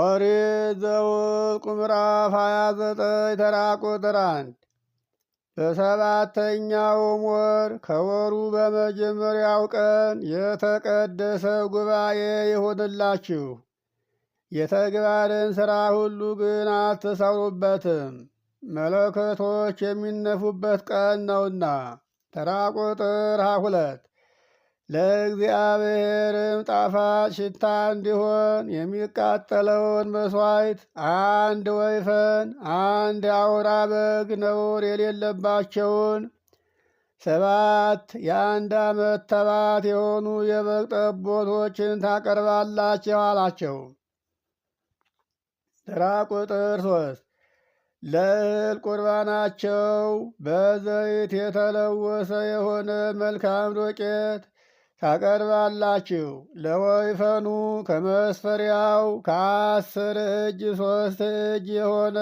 ኦሪት ዘኍልቍ ምዕራፍ ሃያ ዘጠኝ ተራ ቁጥር አንድ በሰባተኛውም ወር ከወሩ በመጀመሪያው ቀን የተቀደሰ ጉባኤ ይሁንላችሁ። የተግባርን ሥራ ሁሉ ግን አትሰሩበትም፣ መለከቶች የሚነፉበት ቀን ነውና። ተራ ቁጥር ሃያ ሁለት ለእግዚአብሔርም ጣፋጭ ሽታ እንዲሆን የሚቃጠለውን መሥዋዕት አንድ ወይፈን አንድ አውራ በግ ነውር የሌለባቸውን ሰባት የአንድ ዓመት ተባት የሆኑ የበግ ጠቦቶችን ታቀርባላቸው አላቸው። ተራ ቁጥር ሶስት ለእህል ቁርባናቸው በዘይት የተለወሰ የሆነ መልካም ዶቄት ታቀርባላችሁ። ለወይፈኑ ከመስፈሪያው ከአስር እጅ ሶስት እጅ የሆነ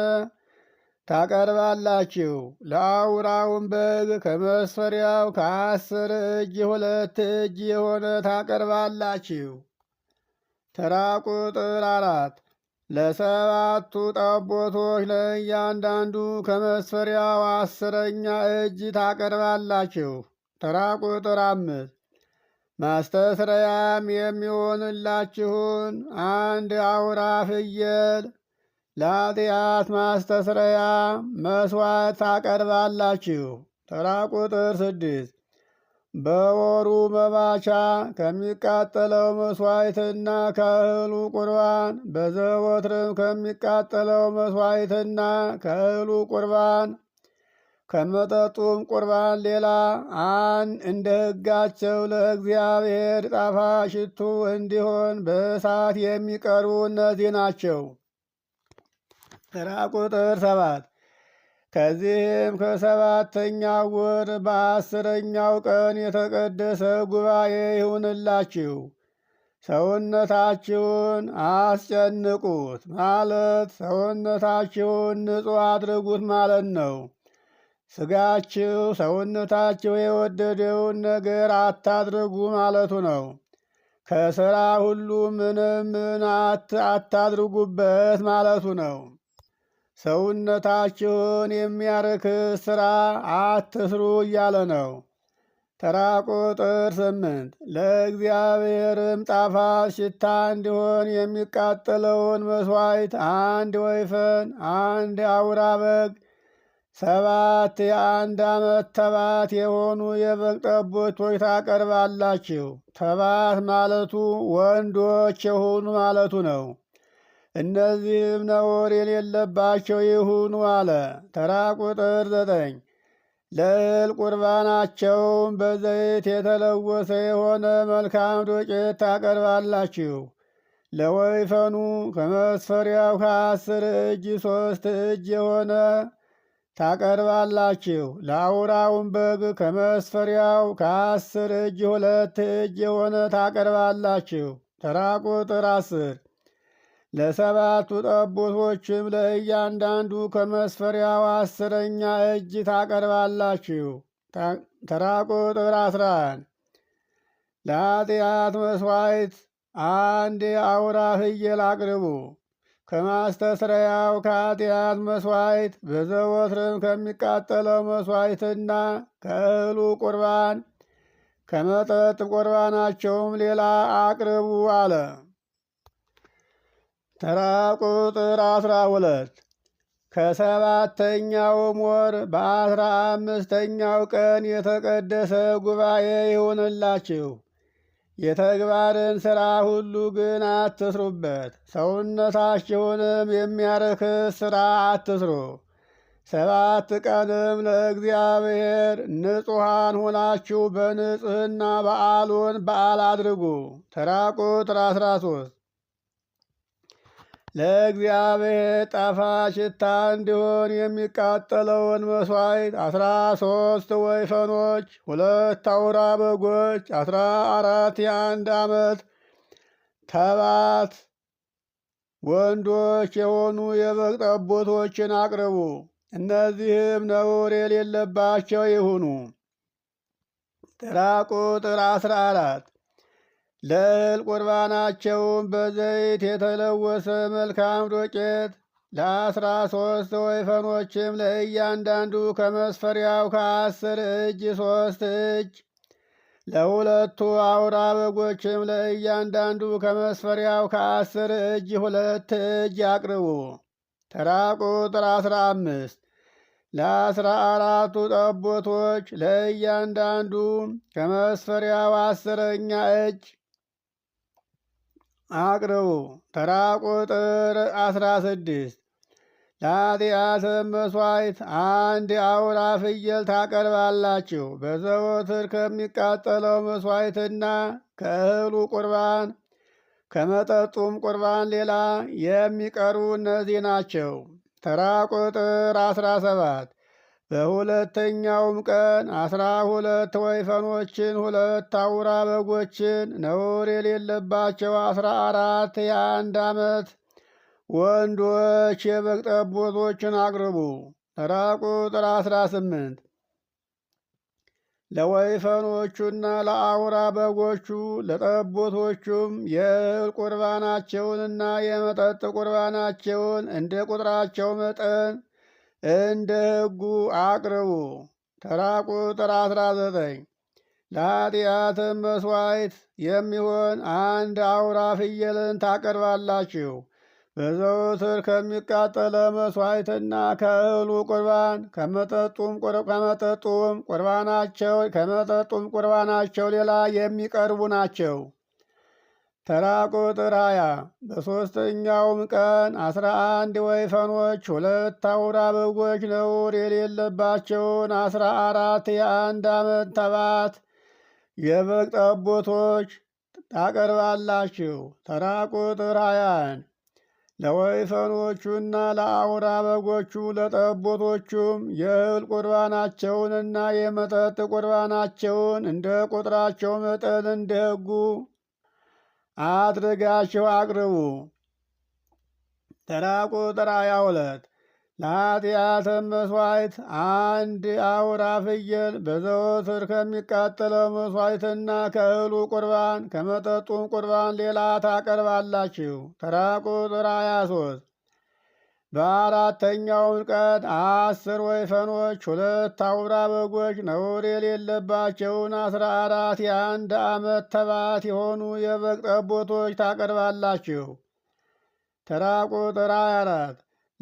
ታቀርባላችሁ። ለአውራውን በግ ከመስፈሪያው ከአስር እጅ ሁለት እጅ የሆነ ታቀርባላችሁ። ተራ ቁጥር አራት ለሰባቱ ጠቦቶች ለእያንዳንዱ ከመስፈሪያው አስረኛ እጅ ታቀርባላችሁ። ተራ ቁጥር አምስት ማስተስረያም የሚሆንላችሁን አንድ አውራ ፍየል ለኃጢአት ማስተስረያ መስዋዕት ታቀርባላችሁ። ተራ ቁጥር ስድስት በወሩ መባቻ ከሚቃጠለው መስዋዕትና ከእህሉ ቁርባን በዘወትርም ከሚቃጠለው መስዋዕትና ከእህሉ ቁርባን ከመጠጡም ቁርባን ሌላ አን እንደ ሕጋቸው ለእግዚአብሔር ጣፋጭ ሽቱ እንዲሆን በእሳት የሚቀርቡ እነዚህ ናቸው። ተራ ቁጥር ሰባት ከዚህም ከሰባተኛው ወር በአስረኛው ቀን የተቀደሰ ጉባኤ ይሁንላችሁ። ሰውነታችሁን አስጨንቁት ማለት ሰውነታችሁን ንጹሕ አድርጉት ማለት ነው። ስጋችሁ ሰውነታችሁ የወደደውን ነገር አታድርጉ ማለቱ ነው። ከሥራ ሁሉ ምንም ምን አታድርጉበት ማለቱ ነው። ሰውነታችሁን የሚያረክስ ሥራ አትስሩ እያለ ነው። ተራ ቁጥር ስምንት ለእግዚአብሔርም ጣፋት ሽታ እንዲሆን የሚቃጠለውን መሥዋዕት አንድ ወይፈን፣ አንድ አውራ በግ ሰባት የአንድ ዓመት ተባት የሆኑ የበግ ጠቦቶች ታቀርባላችሁ። ተባት ማለቱ ወንዶች የሆኑ ማለቱ ነው። እነዚህም ነውር የሌለባቸው ይሁኑ አለ። ተራ ቁጥር ዘጠኝ ለእህል ቁርባናቸውም በዘይት የተለወሰ የሆነ መልካም ዱቄት ታቀርባላችሁ። ለወይፈኑ ከመስፈሪያው ከአስር እጅ ሶስት እጅ የሆነ ታቀርባላችሁ። ለአውራውን በግ ከመስፈሪያው ከአስር እጅ ሁለት እጅ የሆነ ታቀርባላችሁ። ተራ ቁጥር አስር ለሰባቱ ጠቦቶችም ለእያንዳንዱ ከመስፈሪያው አስረኛ እጅ ታቀርባላችሁ። ተራ ቁጥር አስራ አንድ ለኃጢአት መስዋዕት አንድ የአውራ ፍየል አቅርቡ። ከማስተስረያው ከኃጢአት መሥዋዕት በዘወትርም ከሚቃጠለው መስዋይትና ከእህሉ ቁርባን ከመጠጥ ቁርባናቸውም ሌላ አቅርቡ አለ። ተራ ቁጥር አስራ ሁለት ከሰባተኛውም ወር በአስራ አምስተኛው ቀን የተቀደሰ ጉባኤ ይሁንላችሁ የተግባርን ሥራ ሁሉ ግን አትስሩበት፣ ሰውነታችሁንም የሚያረክስ ሥራ አትስሩ። ሰባት ቀንም ለእግዚአብሔር ንጹሐን ሆናችሁ በንጽሕና በዓሉን በዓል አድርጉ። ተራ ቁጥር አስራ ለእግዚአብሔር ጣፋጭ ሽታ እንዲሆን የሚቃጠለውን መስዋዕት አስራ ሶስት ወይፈኖች፣ ሁለት አውራ በጎች፣ አስራ አራት የአንድ ዓመት ተባት ወንዶች የሆኑ የበግ ጠቦቶችን አቅርቡ። እነዚህም ነውር የሌለባቸው ይሁኑ። ጥራ ቁጥር አስራ አራት ለእህል ቁርባናቸውም በዘይት የተለወሰ መልካም ዶቄት ለአስራ ሶስት ወይፈኖችም ለእያንዳንዱ ከመስፈሪያው ከአስር እጅ ሶስት እጅ ለሁለቱ አውራ በጎችም ለእያንዳንዱ ከመስፈሪያው ከአስር እጅ ሁለት እጅ አቅርቡ። ተራ ቁጥር አስራ አምስት ለአስራ አራቱ ጠቦቶች ለእያንዳንዱ ከመስፈሪያው አስረኛ እጅ አቅርቡ። ተራ ቁጥር አስራ ስድስት ለኃጢአት መሥዋዕት አንድ አውራ ፍየል ታቀርባላችሁ። በዘወትር ከሚቃጠለው መሥዋዕትና ከእህሉ ቁርባን ከመጠጡም ቁርባን ሌላ የሚቀርቡ እነዚህ ናቸው። ተራ ቁጥር አስራ ሰባት በሁለተኛውም ቀን አስራ ሁለት ወይፈኖችን ሁለት አውራ በጎችን ነውር የሌለባቸው አስራ አራት የአንድ ዓመት ወንዶች የበግ ጠቦቶችን አቅርቡ። ተራ ቁጥር አስራ ስምንት ለወይፈኖቹና ለአውራ በጎቹ ለጠቦቶቹም የእህል ቁርባናቸውንና የመጠጥ ቁርባናቸውን እንደ ቁጥራቸው መጠን እንደ ሕጉ አቅርቡ። ተራ ቁጥር አስራ ዘጠኝ መስዋዕት የሚሆን አንድ አውራ ፍየልን ታቀርባላችሁ። በዘውትር ከሚቃጠለ መስዋዕትና ከእህሉ ቁርባን ከመጠጡም ቁርባናቸው ከመጠጡም ቁርባናቸው ሌላ የሚቀርቡ ናቸው። ተራ ቁጥር ሃያ በሦስተኛውም ቀን አስራ አንድ ወይፈኖች ሁለት አውራ በጎች ነውር የሌለባቸውን አስራ አራት የአንድ ዓመት ተባት የበግ ጠቦቶች ታቀርባላችሁ። ተራ ቁጥር ሃያን ለወይፈኖቹና ለአውራ በጎቹ ለጠቦቶቹም የእህል ቁርባናቸውንና የመጠጥ ቁርባናቸውን እንደ ቁጥራቸው መጠን እንደ ሕጉ አድርጋችሁ አቅርቡ። ተራ ቁጥር ሃያ ሁለት ለኃጢአት መስዋዕት አንድ አውራ ፍየል በዘወትር ከሚቃጠለው መስዋዕትና ከእህሉ ቁርባን ከመጠጡም ቁርባን ሌላ ታቀርባላችሁ። ተራ ቁጥር ሃያ ሶስት በአራተኛውም ቀን አስር ወይፈኖች፣ ሁለት አውራ በጎች፣ ነውር የሌለባቸውን አስራ አራት የአንድ ዓመት ተባት የሆኑ የበግ ጠቦቶች ታቀርባላችሁ። ተራ ቁጥር አራት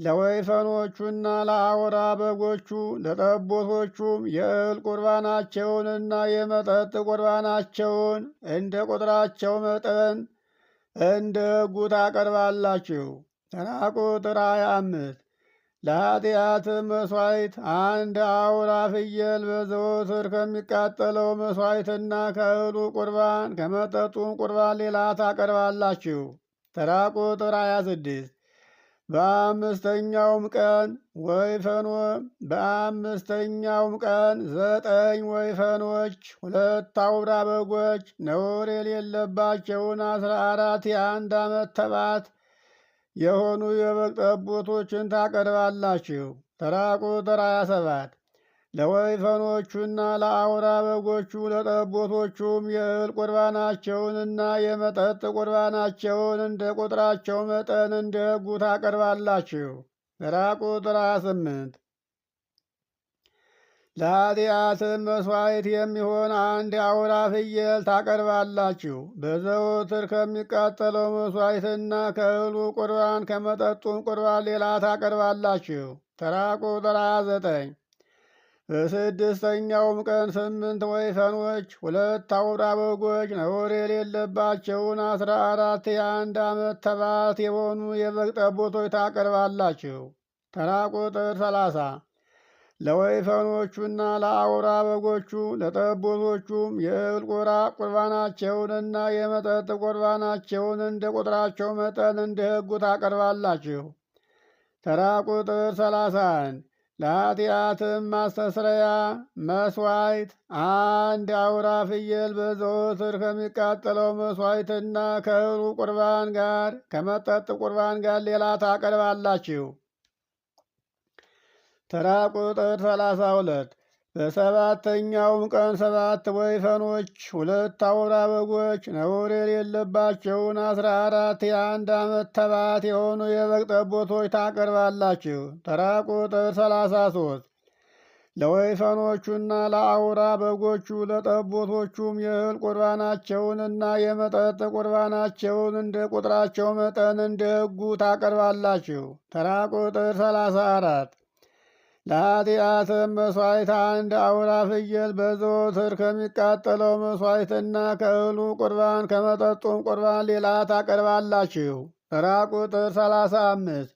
ለወይፈኖቹና ለአውራ በጎቹ ለጠቦቶቹም የእህል ቁርባናቸውንና የመጠጥ ቁርባናቸውን እንደ ቁጥራቸው መጠን እንደ ሕጉ ታቀርባላችሁ። ተራ ቁጥር ሃያ አምስት ለኃጢአትም መሥዋዕት አንድ አውራ ፍየል በዘወትር ከሚቃጠለው መሥዋዕትና ከእህሉ ቁርባን ከመጠጡም ቁርባን ሌላ ታቀርባላችሁ። ተራ ቁጥር ሃያ ስድስት በአምስተኛውም ቀን ወይፈኖ በአምስተኛውም ቀን ዘጠኝ ወይፈኖች፣ ሁለት አውራ በጎች፣ ነውር የሌለባቸውን አስራ አራት የአንድ ዓመት ተባት የሆኑ የበግ ጠቦቶችን ታቀርባላችሁ። ተራ ቁጥር 27 ለወይፈኖቹና ለአውራ በጎቹ ለጠቦቶቹም የእህል ቁርባናቸውንና የመጠጥ ቁርባናቸውን እንደ ቁጥራቸው መጠን እንደ ሕጉ ታቀርባላችሁ። ተራ ቁጥር 28 ለኃጢአትም መስዋዕት የሚሆን አንድ አውራ ፍየል ታቀርባላችሁ። በዘወትር ከሚቃጠለው መስዋዕትና ከእህሉ ቁርባን ከመጠጡም ቁርባን ሌላ ታቀርባላችሁ። ተራ ቁጥር ዘጠኝ በስድስተኛውም ቀን ስምንት ወይፈኖች፣ ሁለት አውራ በጎች፣ ነውር የሌለባቸውን አስራ አራት የአንድ ዓመት ተባት የሆኑ የበግ ጠቦቶች ታቀርባላችሁ። ተራ ቁጥር ሰላሳ ለወይፈኖቹና ለአውራ በጎቹ ለጠቦቶቹም የእህል ቁራ ቁርባናቸውንና የመጠጥ ቁርባናቸውን እንደ ቁጥራቸው መጠን እንደ ሕጉ ታቀርባላችሁ። ተራ ቁጥር 3 አንድ ለኃጢአትም ማስተስረያ መስዋይት አንድ አውራ ፍየል በዘወትር ከሚቃጠለው መስዋይትና ከእህሉ ቁርባን ጋር ከመጠጥ ቁርባን ጋር ሌላ ታቀርባላችሁ። ተራ ቁጥር ሰላሳ ሁለት በሰባተኛውም ቀን ሰባት ወይፈኖች ሁለት አውራ በጎች ነውር የሌለባቸውን አስራ አራት የአንድ ዓመት ተባት የሆኑ የበግ ጠቦቶች ታቀርባላችሁ። ተራ ቁጥር ሰላሳ ሶስት ለወይፈኖቹና ለአውራ በጎቹ ለጠቦቶቹም የእህል ቁርባናቸውንና የመጠጥ ቁርባናቸውን እንደ ቁጥራቸው መጠን እንደ ሕጉ ታቀርባላችሁ። ተራ ቁጥር ሰላሳ አራት ለኃጢአትም መሥዋዕት አንድ አውራ ፍየል በዘወትር ከሚቃጠለው መስዋዕትና ከእህሉ ቁርባን ከመጠጡም ቁርባን ሌላ ታቀርባላችሁ። ተራ ቁጥር ሰላሳ አምስት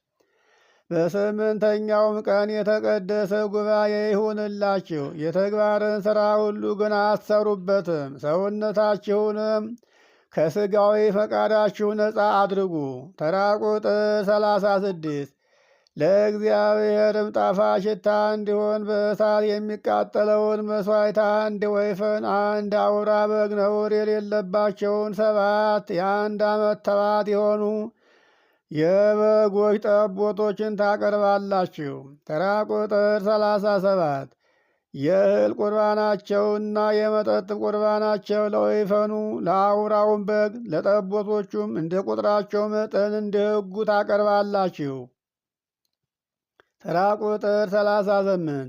በስምንተኛውም ቀን የተቀደሰ ጉባኤ ይሁንላችሁ። የተግባርን ሥራ ሁሉ ግን አትሰሩበትም። ሰውነታችሁንም ከሥጋዊ ፈቃዳችሁ ነፃ አድርጉ። ተራ ቁጥር ሰላሳ ስድስት ለእግዚአብሔርም ጣፋጭ ሽታ እንዲሆን በእሳት የሚቃጠለውን መስዋይት አንድ ወይፈን፣ አንድ አውራ በግ ነውር የሌለባቸውን ሰባት የአንድ ዓመት ተባት የሆኑ የበጎች ጠቦቶችን ታቀርባላችሁ። ተራ ቁጥር ሰላሳ ሰባት የእህል ቁርባናቸውና የመጠጥ ቁርባናቸው ለወይፈኑ ለአውራውን በግ ለጠቦቶቹም እንደ ቁጥራቸው መጠን እንደ ሕጉ ታቀርባላችሁ። ተራ ቁጥር ሰላሳ ዘምን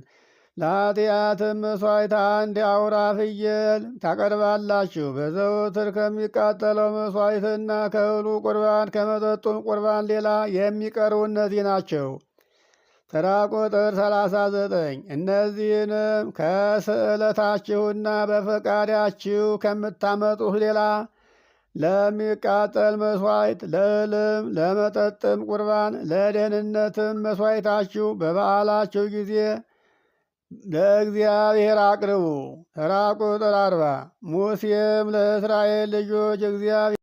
ለኃጢአትም መስዋዕት አንድ አውራ ፍየል ታቀርባላችሁ። በዘውትር ከሚቃጠለው መሷይትና ከእህሉ ቁርባን ከመጠጡም ቁርባን ሌላ የሚቀርቡ እነዚህ ናቸው። ተራ ቁጥር 39 እነዚህንም ከስዕለታችሁና በፈቃዳችሁ ከምታመጡት ሌላ ለሚቃጠል መስዋዕት ለእልም ለመጠጥም ቁርባን ለደህንነትም መስዋዕታችሁ በበዓላችሁ ጊዜ ለእግዚአብሔር አቅርቡ። ተራ ቁጥር አርባ ሙሴም ለእስራኤል ልጆች እግዚአብሔር